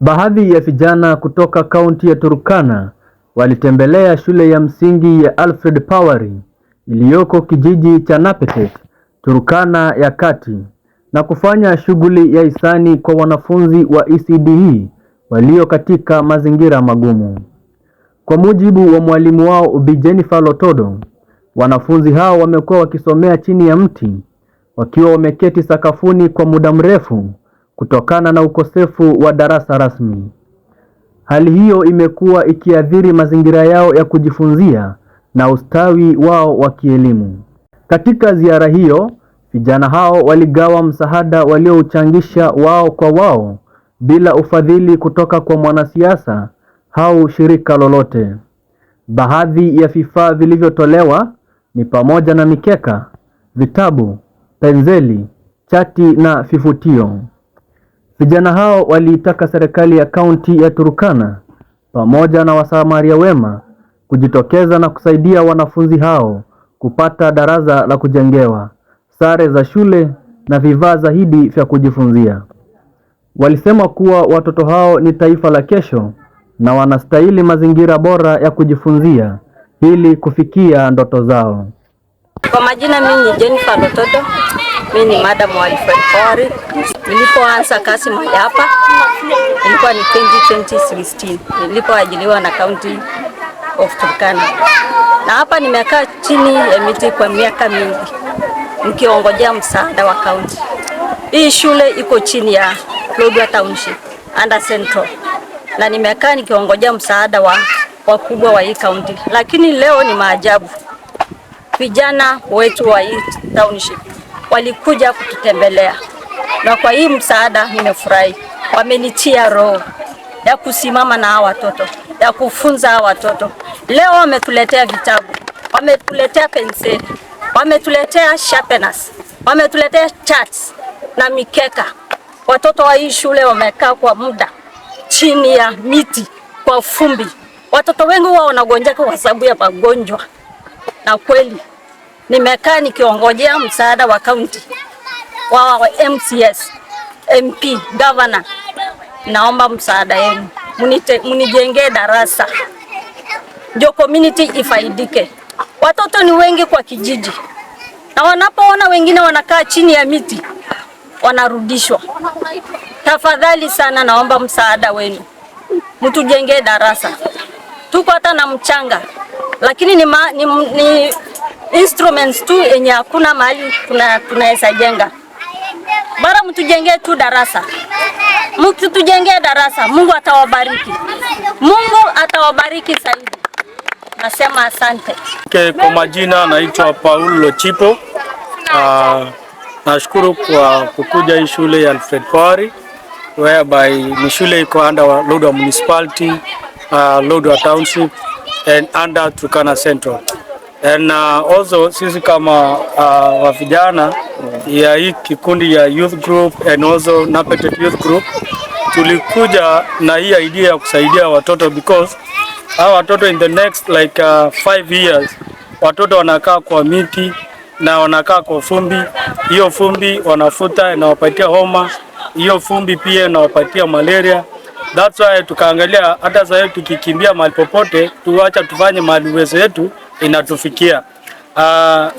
Baadhi ya vijana kutoka kaunti ya Turkana walitembelea shule ya msingi ya Alfred powery iliyoko kijiji cha Napetet, Turkana ya Kati na kufanya shughuli ya hisani kwa wanafunzi wa ECDE e walio katika mazingira magumu. Kwa mujibu wa mwalimu wao Bi Jennifer Lotodo, wanafunzi hao wamekuwa wakisomea chini ya mti wakiwa wameketi sakafuni kwa muda mrefu kutokana na ukosefu wa darasa rasmi. Hali hiyo imekuwa ikiathiri mazingira yao ya kujifunzia na ustawi wao wa kielimu. Katika ziara hiyo, vijana hao waligawa msaada waliouchangisha wao kwa wao bila ufadhili kutoka kwa mwanasiasa au shirika lolote. Baadhi ya vifaa vilivyotolewa ni pamoja na mikeka, vitabu, penseli, chati na vivutio. Vijana hao waliitaka serikali ya kaunti ya Turkana pamoja na wasamaria wema kujitokeza na kusaidia wanafunzi hao kupata darasa la kujengewa, sare za shule na vifaa zaidi vya kujifunzia. Walisema kuwa watoto hao ni taifa la kesho na wanastahili mazingira bora ya kujifunzia ili kufikia ndoto zao. Kwa majina mimi ni Jennifer Lototo. Mimi ni madam wa Ifakori. Nilipoanza kazi mahali hapa ilikuwa ni 2016 nilipoajiliwa na County of Turkana, na hapa nimekaa chini ya miti kwa miaka mingi nikiongojea msaada wa kaunti. Hii shule iko chini ya Lodwar Township under Central, na nimekaa nikiongojea msaada wa wakubwa wa hii county, lakini leo ni maajabu. Vijana wetu wa hii township walikuja kututembelea, na kwa hii msaada nimefurahi. Wamenitia roho ya kusimama na hawa watoto, ya kufunza hawa watoto. Leo wametuletea vitabu, wametuletea penseli, wametuletea sharpeners, wametuletea charts na mikeka. Watoto wa hii shule wamekaa kwa muda chini ya miti kwa fumbi. Watoto wengi wao wanagonjeka kwa sababu ya magonjwa, na kweli nimekaa nikiongojea msaada wa kaunti wa MCS, MP, governor. Naomba msaada yenu munijengee darasa ndio community ifaidike. Watoto ni wengi kwa kijiji, na wanapoona wengine wanakaa chini ya miti wanarudishwa. Tafadhali sana, naomba msaada wenu mtujengee darasa. Tuko hata na mchanga, lakini ni, ma, ni, ni instruments tu yenye hakuna mahali tunaweza jenga. Bara mtujengee tu darasa, mtujengee darasa. Mungu atawabariki, Mungu atawabariki zaidi. Nasema asante. Okay, kwa majina naitwa Paul Lochipo. Uh, ah, nashukuru kwa kukuja hii shule ya Alfred Kwari whereby ni shule iko under Lodwar municipality, uh, Lodwar township and under Turkana Central na uh, also sisi kama uh, wa vijana ya hii kikundi ya youth group and also Napetet youth group tulikuja na hii idea ya kusaidia watoto because hawa watoto in the next like uh, five years watoto wanakaa kwa miti na wanakaa kwa fumbi. Hiyo fumbi wanafuta inawapatia homa, hiyo fumbi pia inawapatia malaria. That's why tukaangalia hata sasa tukikimbia mahali popote, tuacha tufanye mahali uwezo yetu inatufikia. Uh,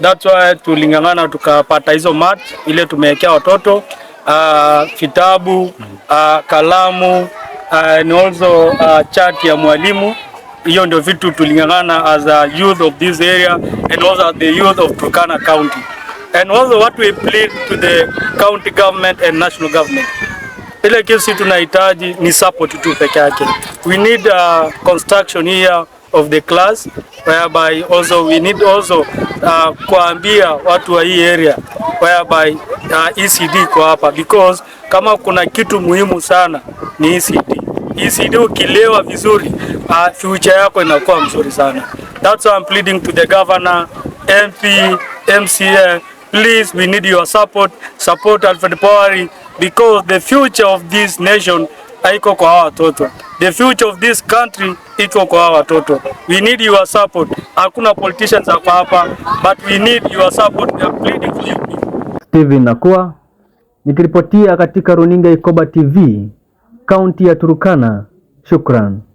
that's why tulingangana tukapata hizo mat ile tumewekea watoto uh, vitabu uh, kalamu uh, and also uh, chat ya mwalimu. Hiyo ndio vitu tulingangana as a youth of this area and also the youth of Turkana County and also what we plead to the county government and national government ile kesi tunahitaji ni support tu peke yake. We need a uh, construction here of the class whereby also we need also uh, kuambia watu wa hii area whereby uh, ECD iko hapa because kama kuna kitu muhimu sana ni ECD. ECD ukilewa vizuri uh, future yako inakuwa mzuri sana. That's why I'm pleading to the governor, MP, MCA, please we need your support. Support Alfred Powery because the future of this nation haiko kwa hawa watoto, the future of this country iko kwa hawa watoto. We need your support. Hakuna politicians hapa hapa, but we need your support. We are pleading for you. Steven Nakua nikiripotia katika runinga Ikoba TV, kaunti ya Turukana. Shukran.